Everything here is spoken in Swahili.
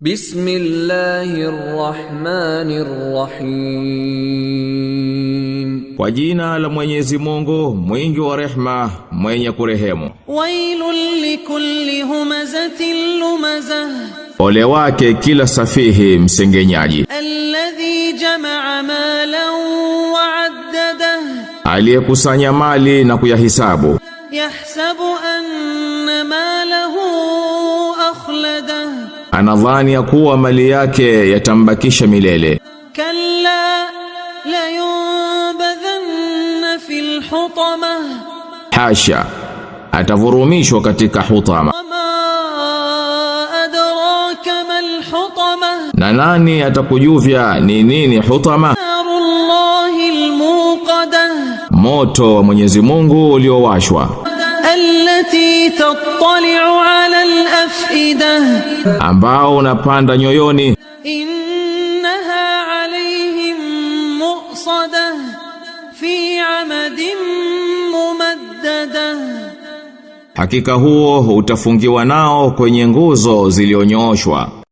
Bismillahir kwa jina la Mwenyezi Mungu mwingi wa rehma mwenye kurehemu. Wailul likulli humazatin ole wake kila safihi msengenyaji. Alladhi jamaa malan wa aliyekusanya mali na kuyahisabu. Yahsabu anadhani ya kuwa mali yake yatambakisha milele. Kalla la yunbadhanna fil hutama, hasha, atavurumishwa katika hutama. Adraka mal hutama, na nani atakujuvya ni nini hutama? Narullahi almuqada, moto wa Mwenyezi Mungu uliowashwa allati tattali'u ala al afida ambao unapanda nyoyoni. Innaha alayhim mu'sadah fi 'amadin mumaddada, hakika huo utafungiwa nao kwenye nguzo zilionyoshwa.